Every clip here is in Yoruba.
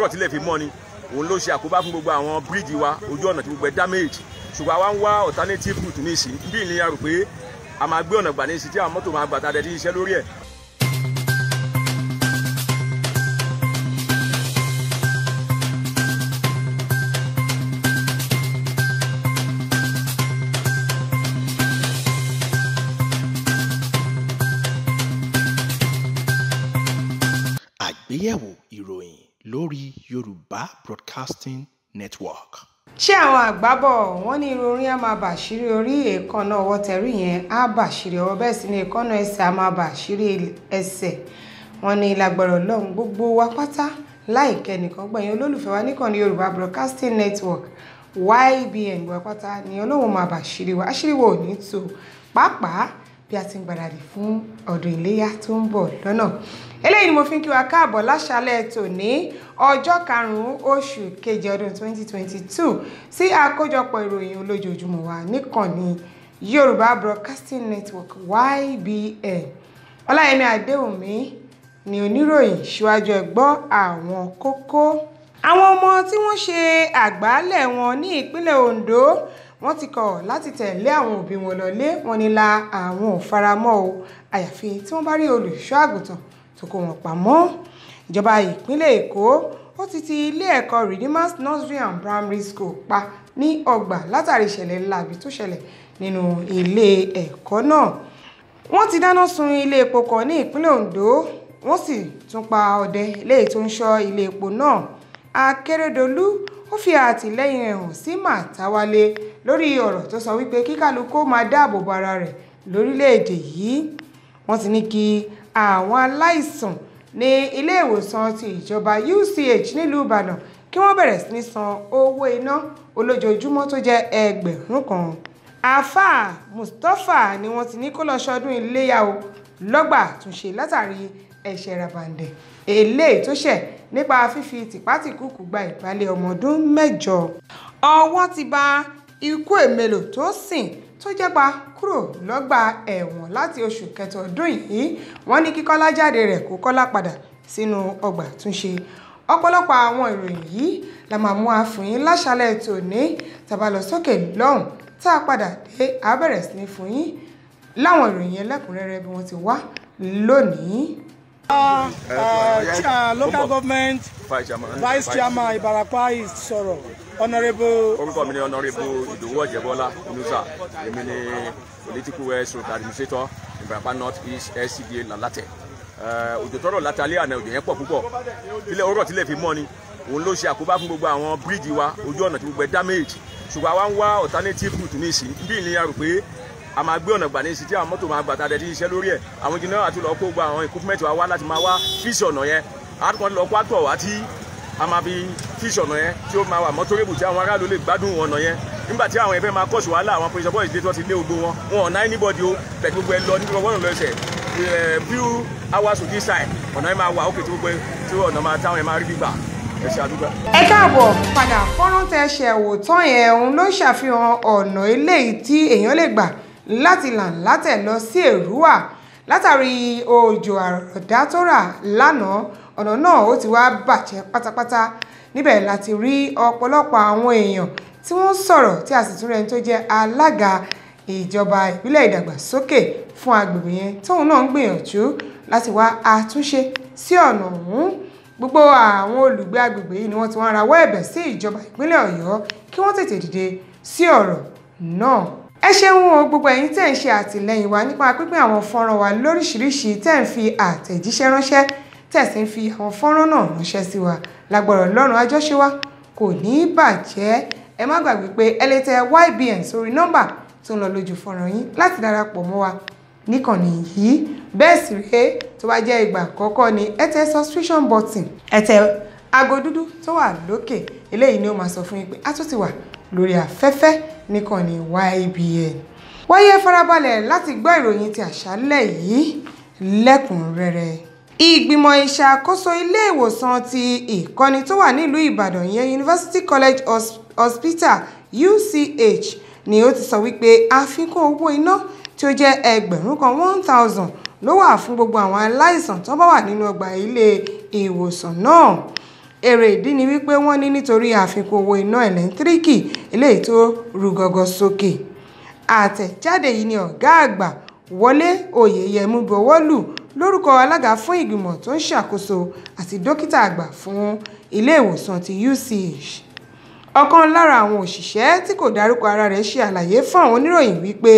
rọ̀ tilẹ̀ fi mọ́ ni òun ló ṣe àkóbá fún gbogbo àwọn bíríìjì wa ojú ọ̀nà tí gbogbo ẹ̀ damage ṣùgbọ́n àwa ń wá alternative route ní ìsìn bí ìlera rò pé a máa gbé ọ̀nà gbà ní ìsìn tí àwọn mọ́tò máa gbà tá a dẹ̀ ti ṣiṣẹ́ lórí ẹ̀ lórí Yorùbá Broadcasting Network. ṣé àwọn àgbábọ̀ wọ́n ní irun orin á máa bàṣírí orí èékánná ọwọ́ tẹ̀rí yẹn á bàṣírí ọwọ́ bẹ́ẹ̀ sì ni èékánná ẹsẹ̀ á máa bàṣírí ẹsẹ̀ wọ́n ní lágbára Ọlọ́run gbogbo wa pátá láìkẹ́ nìkan gbẹ̀yìn olólùfẹ́ wa níkànnì Yorùbá Broadcasting Network YBN wa pátá ni Ọlọ́run máa bàṣírí wa àṣírí wa ò ní tó pàápàá bí a ti ń gbáradì fún ọdún iléyà tó ń bọ̀ lọ́nà eléyìí ni mo fi ń kí wa káàbọ̀ láṣálẹ́ tòní ọjọ́ karùn-ún oṣù kejì ọdún 2022 sí àkójọpọ̀ ìròyìn olójoojúmọ́ wa níkànnì Yorùbá Broadcasting Network YBN Ọláyẹmí Adéwùmí ni oníròyìn síwájú ẹ gbọ́ àwọn kókó àwọn ọmọ tí wọ́n ṣe àgbálẹ̀ wọn ní ìpínlẹ̀ Ondo wọ́n ti kọ̀ láti tẹ̀lé àwọn òbí wọn lọlé wọn ni la àwọn ò faramọ́ o àyàfi tí wọ́n bá rí olùṣọ́ àgùntàn tó kó wọn pamọ́ ìjọba ìpínlẹ̀ èkó ó ti ti ilé ẹ̀kọ́ redeemers nursery and primary school pa ní ọgbà látàrí ìṣẹ̀lẹ̀ láabi tó ṣẹlẹ̀ nínú ilé ẹ̀kọ́ náà wọ́n ti dáná sun ilé epo kan ní ìpínlẹ̀ ondo wọ́n sì tún pa ọdẹ léyìí tó ń ṣọ́ ilé epo náà akérèdọ́lù ó fi àtìlẹ́yìn rẹ̀ hàn sí màtáwálé lórí ọ̀rọ̀ tó sọ wípé kíkálukú máa dáàbò bo ara rẹ̀ lórílẹ̀ yìí wọ́n ti ní kí àwọn aláìsàn ní ilé ìwòsàn ti ìjọba UCH nílùú Ìbàdàn kí wọ́n bẹ̀rẹ̀ sí ní san owó iná olójoojúmọ́ tó jẹ́ ẹgbẹ̀rún kan àáfàá Mustapha ni wọ́n ti ní kó lọ ṣọdún iléyà o lọ́gbà túnṣe látàrí ẹ̀ṣẹ̀ ràbàǹdẹ̀ eléyìí tó ṣẹ̀ nípa fífi tìpátìkúkú gba ìgbálẹ̀ ọmọ ọdún mẹ́jọ ọwọ́ ti bà ikú èmelò tó sìn tó jẹ́pa kúrò lọ́gbà ẹ̀wọ̀n láti oṣù kẹta ọdún yìí wọ́n ní kí Kọ́lá jáde rẹ̀ kó Kọ́lá padà sínú ọgbà túnṣe ọ̀pọ̀lọpọ̀ àwọn ìròyìn yìí la máa mú àfún yín láṣálẹ́ tòní tàbá lọ sókè lọ́hùn tá a padà dé a bẹ̀rẹ̀ sí ní fún yín láwọn ìròyìn ẹlẹ́kùnrẹ́rẹ́ bí wọ́n ti wá lónìí. Uh, local government vice chairman Ibarapa is sọ̀rọ̀ honourable. orúkọ mi ni honourable ìdòwú ọ̀jẹ̀bọ́lá onusa èmi ni political west road administrator ìbàràpá north east scda lalátẹ̀ eh, òjò tọrọ látàlẹ́ àná òjò yẹn pọ̀ púpọ̀ ilé ọrọ̀ tilẹ̀ fi mọ́ ni òun ló ṣe àkóbá fún gbogbo àwọn bíríìjì wa ojú ọ̀nà tí gbogbo ẹ̀ damage ṣùgbọ́n àwa ń wá alternative route ní ìsìn bí ìnira rò pé a máa gbé ọ̀nà gbà ní ìsìn tí àwọn mọ́tò máa gbà tá a dẹ̀ ti ṣiṣẹ́ lórí ẹ̀ àwọn engineer àti lọ́ọ́ kó gbogbo àwọn equipment wa wá láti máa wá fíìsì ọ̀nà yẹn àtúntò lọ́ọ́ kó àtọ̀ wá tí a máa fi fish ọ̀nà yẹn tí ó máa wà mọ́tòrébù tí àwọn aráàlú lè gbádùn ọ̀nà yẹn nígbà tí àwọn ẹ̀fẹ́ máa kọ̀ṣù wàhálà àwọn police boys dé ti lé ogbó wọn wọn ọ̀nà anybody o pẹ̀lú gbogbo ẹ lọ níbi wọn lọ ẹsẹ̀ few eh, hours to this time ọ̀nà yẹn máa wà ókè tí gbogbo tí ọ̀nà máa táwọn yẹn máa rí gbígbà ẹ káàbọ̀ padà fọ́nrán tẹ ṣe yẹn òun ló ṣàfihàn ọ̀nà eléyìí tí èèyàn lè gbà láti Làǹlátẹ̀ lọ sí Èrúwà látàrí òjò àrọ̀dá tó rà lánàá ọ̀nà náà ó ti wá bàjẹ́ pátápátá níbẹ̀ láti rí ọ̀pọ̀lọpọ̀ àwọn èèyàn tí wọ́n sọ̀rọ̀ tí a sì tún rẹni tó jẹ́ alága ìjọba ìbílẹ̀ ìdàgbàsókè fún agbègbè yẹn tóun náà ń gbìyànjú láti wá àtúnṣe sí ọ̀nà ọ̀hún gbogbo àwọn olùgbé agbègbè yìí ni wọ́n ti wá rawọ́ ẹ̀bẹ̀ sí ìjọba ìpínlẹ̀ ọ̀yọ́ kí wọ́n tètè dìde sí ọ̀rọ̀ náà ẹ ṣeun o gbogbo ẹ̀yin tẹ́ ń ṣe àtìlẹ́yìn wa nípa pínpín àwọn fọ́nrán wa lóríṣìíríṣìí tẹ́ ń fi àtẹ̀jíṣẹ́ ránṣẹ́ tẹ́ sì ń fi àwọn fọ́nrán náà ránṣẹ́ sí wa lágbọ̀rọ̀ lọ́rùn àjọṣe wa kò ní í bàjẹ́ ẹ má gbàgbé pé ẹ YBN sórí nọ́mbà tó ń lọ lójú fọ́nrán yín láti darapọ̀ mọ́ wa níkànnì yìí bẹ́ẹ̀ sì rèé tó bá jẹ́ ìgbà àkọ́kọ́ ni ẹ subscription button ẹ tẹ aago dúdú tó wà lókè eléyìí ni ó máa sọ fún yín pé a tún ti wà lórí afẹ́fẹ́ níkànnì YBN wáyé farabalẹ̀ láti gbọ́ ìròyìn ti àṣálẹ́ yìí lẹ́kùnrẹ́rẹ́ ìgbìmọ̀ ìṣàkóso ilé-ìwòsàn ti ìkọ́ni tó wà nílùú ìbàdàn ìyẹn university college hospital uch ni ó ti sọ wípé àfikún owó iná tí ó jẹ́ ẹgbẹ̀rún kan one thousand ló wà fún gbogbo àwọn aláìsàn tó bá wà nínú ọgbà ilé ìwòsàn náà èrè ìdí ni wípé wọ́n ní nítorí àfikún owó iná ẹ̀lẹ́ńtíríkì eléyìí tó rúgọ́gọ́ sókè àtẹ̀jáde yìí ni ọ̀gá àgbà wọlé oyèyẹmú buwọ́lù lórúkọ alága fún ìgbìmọ̀ tó ń ṣàkóso àti dókítà àgbà fún ilé ìwòsàn ti UCH ọ̀kan lára àwọn òṣìṣẹ́ tí kò dárúkọ ara rẹ̀ ṣe àlàyé fún àwọn oníròyìn wípé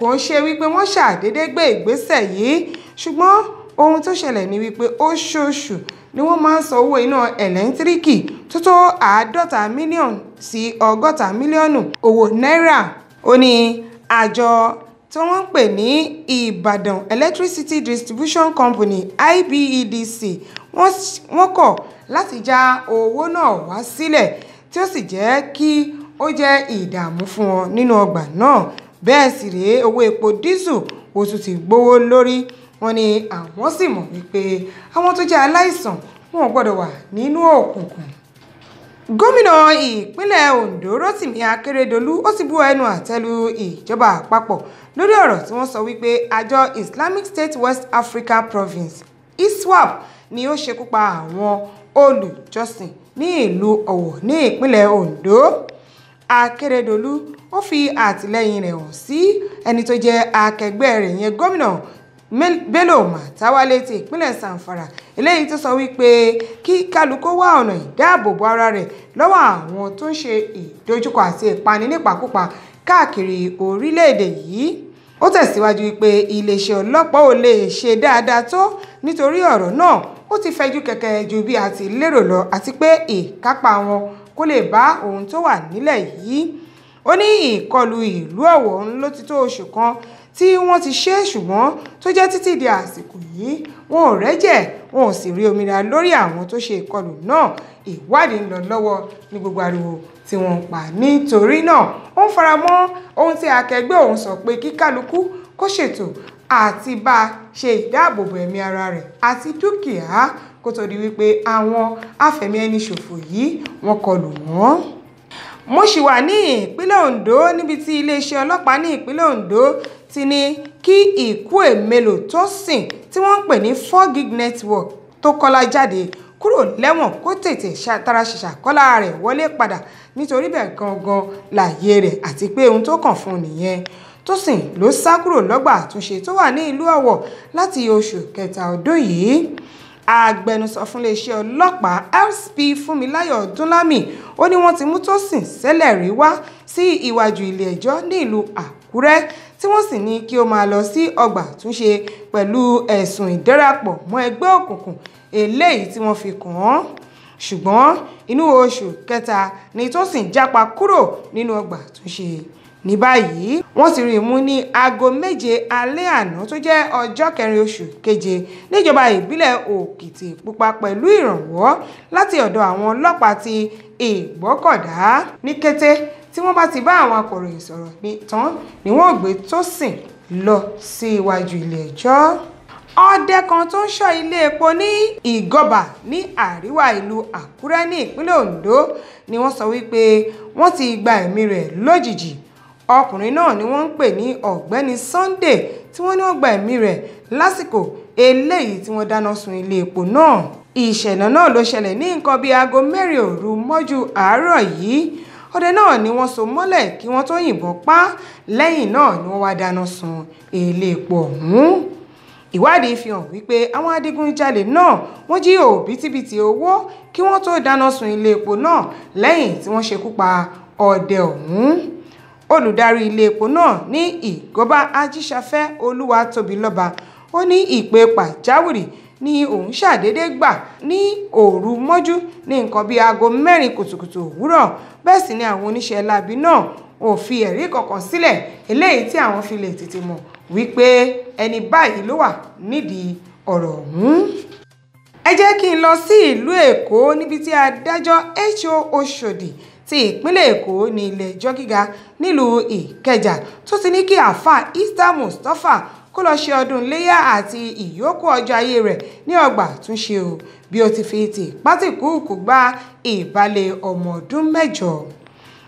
kò ń ṣe wípé wọ́n ṣàdédé gbé ìgbésẹ̀ yìí ṣùgbọ́n ohun tó ṣẹlẹ̀ ni wípé oṣooṣù ni wọ́n máa ń san owó iná ẹ̀lẹ́ńtíríkì tó tó àádọ́ta mílíọ̀nù sí ọgọ́ta mílíọ̀nù owó náírà ó ní àjọ tí wọ́n ń pè ní Ìbàdàn Electricity Distribution Company IBEDC wọ́n kọ̀ láti já owó náà wá sílẹ̀ tí ó sì jẹ́ kí ó jẹ́ ìdààmú fún wọn nínú ọgbà náà bẹ́ẹ̀ sì rèé owó epo dísù kò tún ti gbówó lórí wọn ni àwọn sì mọ̀ wípé àwọn tó jẹ́ aláìsàn wọn gbọ́dọ̀ wà nínú òkùnkùn gómìnà ìpínlẹ̀ Ondo Rotimi Akeredolu ó ti bu ẹnu àtẹ́lu ìjọba àpapọ̀ lórí ọ̀rọ̀ tí wọ́n sọ wípé àjọ Islamic State West Africa Province ISWAP ni ó ṣekú pa àwọn olùjọ́sìn ní ìlú Ọ̀wọ̀ ní ìpínlẹ̀ Ondo Akeredolu ó fi àtìlẹ́yìn rẹ̀ hàn sí ẹni tó jẹ́ akẹgbẹ́ rẹ̀ yẹn gómìnà bello matawalle ti ìpínlẹ̀ sanfara eléyìí tó sọ wípé kí kálukó wá ọ̀nà ìdáàbòbò ara rẹ̀ lọ́wọ́ àwọn tó ń ṣe ìdojúkọ àti ìpani nípakúpa káàkiri orílẹ̀-èdè yìí ó tẹ̀síwájú wípé iléeṣẹ́ ọlọ́pàá ò lè ṣe dáadáa tó nítorí ọ̀rọ̀ náà ó ti fẹjú kẹ̀kẹ́ ju bí a ti lérò lọ àti pé ìkápá wọn kó lè bá ohun tó wà nílẹ̀ yìí ó ní ìkọlù ìlú Ọ̀wọ̀ ló ti tó oṣù kan tí wọ́n ti ṣe ṣùgbọ́n tó jẹ́ títí di àsìkò yìí wọn ò rẹ́jẹ̀ wọn ò sì rí òmìnira lórí àwọn tó ṣe ìkọlù náà ìwádìí ń lọ lọ́wọ́ ní gbogbo ariwo tí wọ́n pa nítorí náà ó ń fara mọ́ ohun tí akẹgbẹ́ òun sọ pé kí kó ṣètò àti bá a ṣe ìdáàbòbò ẹ̀mí ara rẹ̀ àti dúkìá kó tó di wípé àwọn afẹ̀mí ẹni ṣòfò yìí wọ́n kọlù wọ́n mo ṣì wà ní ìpínlẹ̀ Ondo níbi tí iléeṣẹ́ ọlọ́pàá ní ìpínlẹ̀ Ondo ti ní kí ìkú èmelò tó sìn tí wọ́n ń pè ní four gig network tó kọ́lá jáde kúrò lẹ́wọ̀n kó tètè tara ṣiṣà kọ́lá rẹ̀ wọlé padà nítorí bẹ́ẹ̀ gangan láàyè rẹ̀ àti pé ohun tó kàn fún un nìyẹn Tósìn ló sá kúrò lọ́gbà àtúnṣe tó wà ní ìlú Ọ̀wọ̀ láti oṣù kẹta ọdún yìí agbẹnusọ fún iléeṣẹ́ ọlọ́pàá SP Fúnmiláyọ̀ Ọdúnlámì ó ní wọ́n ti mú Tósìn ṣẹlẹ̀ rí wá sí iwájú ilé ní ìlú àpò lẹ́kùúrẹ́ tí wọ́n sì ní kí ó máa lọ sí ọgbà túnṣe pẹ̀lú ẹ̀sùn ìdárapọ̀ mọ́ ẹgbẹ́ òkùnkùn eléyìí tí wọ́n fi kàn án ṣùgbọ́n inú oṣù kẹta ni Tósìn jápa kúrò nínú ọgbà túnṣe ní báyìí wọ́n ti rí i mú ní aago méje alẹ́ àná tó jẹ́ ọjọ́ kẹrin oṣù keje níjọba ìbílẹ̀ Òkìtìpupa pẹ̀lú ìrànwọ́ láti ọ̀dọ̀ àwọn ọlọ́pàá ti Ìgbọ́kọ̀dá ní kété tí wọ́n bá ti bá àwọn akọ̀ròyìn sọ̀rọ̀ pé tán ni wọ́n gbé Tósìn lọ sí iwájú ilé ẹjọ́ ọdẹ kan tó ń ṣọ́ ilé epo ní Ìgọ́bà ní àríwá ìlú Àkúrẹ́ ní ìpínlẹ̀ Ondo ni wọ́n sọ wípé wọ́n ti gba ẹ̀mí rẹ̀ lójijì ọkùnrin náà ni wọ́n ń pè ní ọ̀gbẹ́ni Sunday tí wọ́n ní wọ́n gba ẹ̀mí rẹ̀ lásìkò eléyìí tí wọ́n dáná sun ilé epo náà ìṣẹ̀lẹ̀ náà ló ṣẹlẹ̀ ní nǹkan bíi aago mẹ́rin òru mọ́jú àárọ̀ yìí ọdẹ náà ni wọ́n so mọ́lẹ̀ kí wọ́n tó yìnbọn pa lẹ́yìn náà ni wọ́n wá dáná sun èlé epo ọ̀hún ìwádìí fi hàn wípé àwọn adigunjalè náà wọ́n jí òbítíbitì owó kí wọ́n tó dáná sun ilé epo náà lẹ́yìn tí wọ́n ṣekú pa ọdẹ ọ̀hún olùdarí ilé epo náà ní ìgọba ajíṣafẹ́ olúwatóbilọ́ba ó ní ìpè pàjáwìrì ni òun ṣàdédé gbà ní òru mọ́jú ní nǹkan bíi aago mẹ́rin kùtùkùtù òwúrọ̀ bẹ́ẹ̀ sì ni àwọn oníṣẹ́ láabi náà ò fi ẹ̀rí kankan sílẹ̀ eléyìí tí àwọn fi lè tètè mọ̀ wípé ẹni báyìí ló wà nídìí ọ̀rọ̀ ọ̀hún ẹ jẹ́ kí n lọ sí ìlú èkó níbi tí adájọ́ H.O. Oshodi ti ìpínlẹ̀ èkó ní ilé ẹjọ́ gíga nílùú ìkẹjà tó ti ní kí àáfàá Easter Mustapha kó lọ ṣe ọdún iléyà àti ìyókù ọjọ́ ayé rẹ̀ ní ọgbà àtúnṣe o bí ó ti fi ti pátíkùkù gba ìbálẹ̀ ọmọ ọdún mẹ́jọ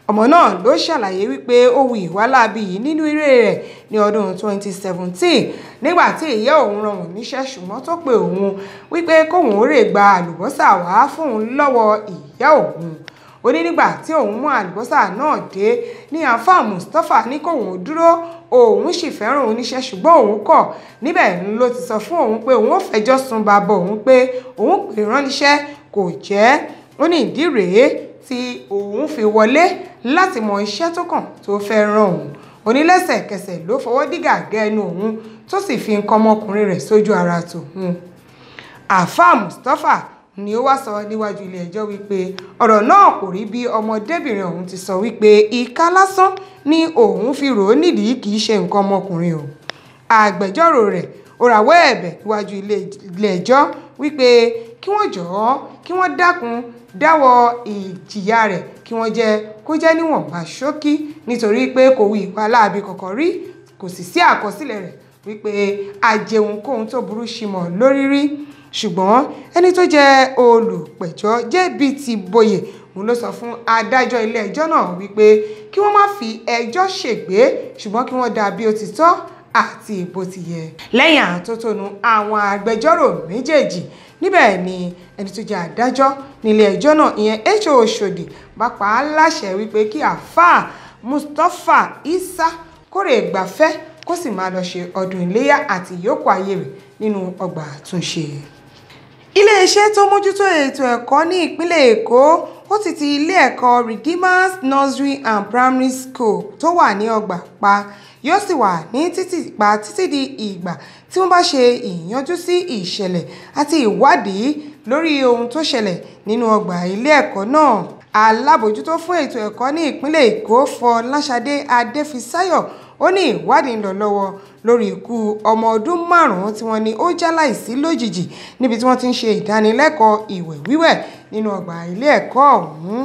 ọmọ náà ló ṣàlàyé wípé ó wu ìwà láabi yìí nínú eré rẹ̀ ní ọdún 2017 nígbà tí ìyá òun rọrùn níṣẹ́ ṣùgbọ́n tó pe òun wípé kóun ó rè gba àlùbọ́sà wá fóun lọ́wọ́ ìyá òun ó ní nígbà tí òun mú àlùbọ́sà náà dé ní àáfà Mustapha ní kóun dúró òun sì fẹ́ràn oníṣẹ́ ṣùgbọ́n òun kọ̀ níbẹ̀ ló ti sọ fún òun pé òun ò fẹjọ́ sun bàbá òun pé òun pè ránníṣẹ́ kò jẹ́ ó ní ìdí rèé tí òun fi wọlé láti mọ iṣẹ́ tó kàn tó fẹ́ ràn òun onílẹ́sẹ̀kẹsẹ̀ ló fọwọ́ dígà gẹ́ ẹnu òun tó sì fi nǹkan ọmọkùnrin rẹ̀ sójú ara tòun àáfà Mustapha ni ó wá sọ níwájú ilé ẹjọ́ wípé ọ̀rọ̀ náà kò rí bí ọmọdébìnrin ọ̀hún ti sọ wípé ìka lásán ni òun fi rò ó nídìí kì í ṣe nǹkan ọmọkùnrin o agbẹjọ́rò rẹ̀ ó rawọ́ ẹ̀bẹ̀ níwájú ilé ẹjọ́ wípé kí wọ́n jọ̀ọ́ kí wọ́n dákun dáwọ́ ìjìyà rẹ̀ kí wọ́n jẹ́ kó jẹ́ níwọ̀nba ṣókí nítorí pé kò wu ìpa kọ̀ọ̀kan rí kò sì sí àkọsílẹ̀ rẹ̀ wípé àjẹun kóhun tó burú ṣìmọ̀ lórí rí ṣùgbọ́n ẹni tó jẹ́ olùpẹ̀jọ́ JBT Boye òun ló sọ fún adájọ́ ilé ẹjọ́ náà wípé kí wọ́n má fi ẹjọ́ ṣègbè ṣùgbọ́n kí wọ́n dá bí ó ti tọ́ àti bó ti yẹ lẹ́yìn àtótónu àwọn agbẹjọ́rò méjèèjì níbẹ̀ ni ẹni tó jẹ́ adájọ́ nílé ẹjọ́ náà ìyẹn H.O. Ṣòdì bá pa á láṣẹ wípé kí àáfàá Mustapha Isa kórè gbafẹ́ kó sì máa lọ ṣe ọdún iléyà àti ìyókù ayé rẹ̀ nínú ọgbà àtúnṣe. iléeṣẹ́ tó mójútó ètò ẹ̀kọ́ ní ìpínlẹ̀ èkó ó ti ti ilé ẹ̀kọ́ redeemers nursery and primary school tó wà ní ọgbà pa yóò sì wà ní títì pa títí di ìgbà tí wọ́n bá ṣe ìyanjú sí ìṣẹ̀lẹ̀ àti ìwádìí lórí ohun tó ṣẹlẹ̀ nínú ọgbà ilé ẹ̀kọ́ náà alábòjútó fún ètò ẹ̀kọ́ ní ìpínlẹ̀ èkó Fọláṣadé Adéfisáyọ̀ ó ní ìwádìí ń lọ lọ́wọ́ lórí ikú ọmọ ọdún márùn-ún tí wọ́n ní ó jáláìsí lójijì níbi tí wọ́n ti ń ṣe ìdánilẹ́kọ̀ọ́ ìwẹ̀ wíwẹ̀ nínú ọgbà ilé ẹ̀kọ́ ọ̀hún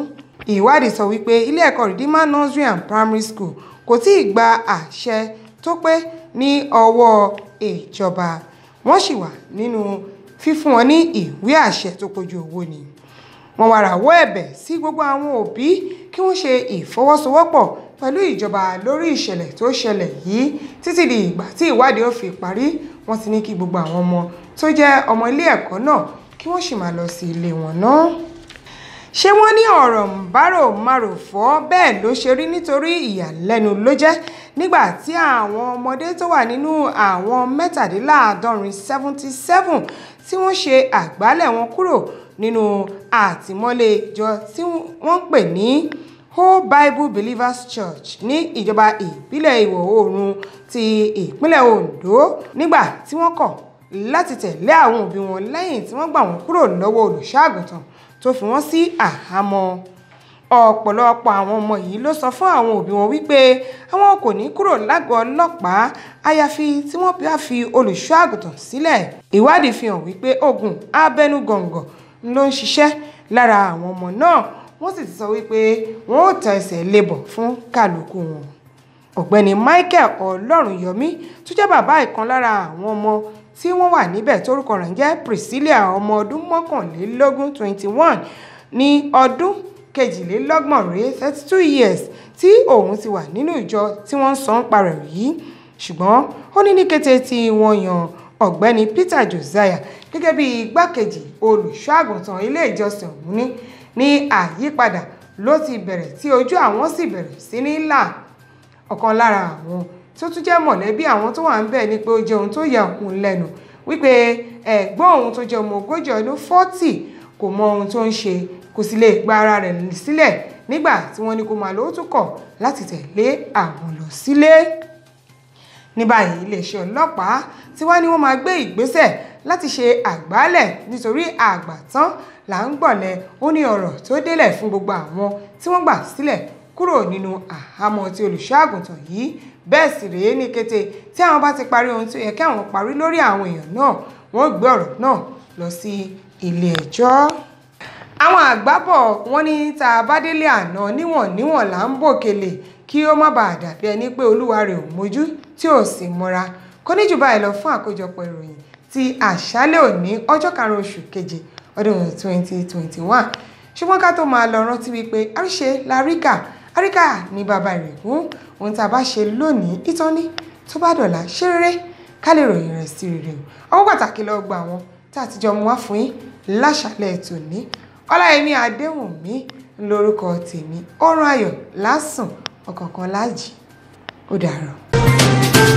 ìwádìí sọ wípé ilé ẹ̀kọ́ Redeemer Nursery and Primary School kò tí ì gba àṣẹ tó pé ní ọwọ́ ìjọba wọ́n sì wà nínú fífún wọn ní ìwé àṣẹ tó kojú owó ni wọ́n wá rawọ́ ẹ̀bẹ̀ sí gbogbo àwọn òbí kí wọ́n ṣe ìfọwọ́sowọ́pọ̀ pẹ̀lú ìjọba lórí ìṣẹ̀lẹ̀ tó ṣẹlẹ̀ yìí títí di ìgbà tí ìwádìí ò fi parí wọ́n ti ní kí gbogbo àwọn ọmọ tó jẹ́ ọmọ ilé ẹ̀kọ́ náà kí wọ́n sì máa lọ sí ilé wọn náà ṣé wọ́n ní ọ̀rọ̀ mbárò máròfọ́ bẹ́ẹ̀ ló ṣe rí nítorí ìyàlẹ́nu ló jẹ́ nígbà tí àwọn ọmọdé tó wà nínú àwọn mẹ́tàdínláàádọ́rin seventy seven tí wọ́n ṣe àgbálẹ̀ wọn kúrò nínú àtìmọ́lé ìjọ tí wọ́n pè ní. Whole Bible Believers Church ní ìjọba ìbílẹ̀ ìwọ̀ oòrùn ti ìpínlẹ̀ Ondo nígbà tí wọ́n kọ̀ láti tẹ̀lé àwọn òbí wọn lẹ́yìn tí wọ́n gbà wọ́n kúrò lọ́wọ́ olùṣọ́àgùntàn tó fi wọ́n sí àhámọ́ ọ̀pọ̀lọpọ̀ àwọn ọmọ yìí ló sọ fún àwọn òbí wọn wípé àwọn kò ní kúrò lágọ̀ọ́ ọlọ́pàá àyàfi tí wọ́n bá fi olùṣọ́ sílẹ̀ ìwádìí fi hàn wípé ogun abẹnugọ̀ngọ̀ ló ń ṣiṣẹ́ lára àwọn ọmọ náà wọ́n sì ti sọ wípé wọ́n ó tan ẹsẹ̀ lébọ̀ fún kálukú wọn ọ̀gbẹ́ni Michael Ọlọ́runyọmí tó jẹ́ bàbá ìkan lára àwọn ọmọ tí wọ́n wà níbẹ̀ tórúkọ rẹ̀ ń jẹ́ Priscilla ọmọ ọdún mọ́kànlélógún twenty one ní ọdún kejìlélọ́gbọ̀n rèé thirty two years tí òun ti wà nínú ìjọ tí wọ́n ń san parẹ̀ yìí ṣùgbọ́n ó ní ní kété tí wọ́n yan ọ̀gbẹ́ni Peter Josiah gẹ́gẹ́ bí igbákejì olùṣọ́ àgùntàn ilé ìjọsìn ọ̀hún ní ní àyípadà ló ti bẹ̀rẹ̀ tí ojú àwọn sì bẹ̀rẹ̀ sí ní là ọ̀kan lára àwọn tó tún jẹ́ mọ̀lẹ́bí àwọn tó wà ń bẹ̀ ni pé ó jẹ́ ohun tó yà òun lẹ́nu wípé ẹ̀gbọ́n òun tó jẹ́ ọmọ ogójì ọdún fọ́tì kò mọ ohun tó ń ṣe kò sì lè gba ara rẹ̀ sílẹ̀ nígbà tí wọ́n ní kó máa lówó tó kọ̀ láti tẹ̀lé àwọn lọ sílé ní báyìí iléeṣẹ́ ọlọ́pàá tí wá ní wọ́n máa gbé ìgbésẹ̀ láti ṣe àgbálẹ̀ nítorí àgbà tán là ń gbọ̀lẹ̀ ó ní ọ̀rọ̀ tó délẹ̀ fún gbogbo àwọn tí wọ́n gbà sílẹ̀ kúrò nínú àhámọ́ ti olùṣọ́àgùntàn yìí bẹ́ẹ̀ sì rèé ní kété tí àwọn bá ti parí ohun tó yẹ kí àwọn parí lórí àwọn èèyàn náà wọ́n gbé ọ̀rọ̀ náà lọ sí ilé ẹjọ́ àwọn àgbábọ̀ wọn ní tá a bá délé àná níwọ̀n níwọ̀n là ń bòkèlè kí ó má bàa dàbí ẹni pé olúwa rẹ̀ ò mójú tí ò sì mọ́ra kò ní jù báyìí lọ fún àkójọpọ̀ ìròyìn ti àṣálẹ́ òní ọjọ́ karùn-ún oṣù keje ọdún 2021 ṣùgbọ́n ká tó máa lọ rántí wípé àríṣe láríkà àríkà ní bàbá rẹ̀ kú ohun tá a bá ṣe lónìí ìtọ́ni tó bá dọ̀la ṣe rere ká lè ròyìn rẹ̀ sí rere o àwọn pàtàkì lọ gba àwọn tá a ti jọ mú wá fún yín láṣálẹ́ tòní ọláyẹmí adéwùnmí lórúkọ tèmi ọ̀rọ̀ ayọ̀ lásùn ọ̀kọ̀ọ̀kan láàjì ó dàárọ̀.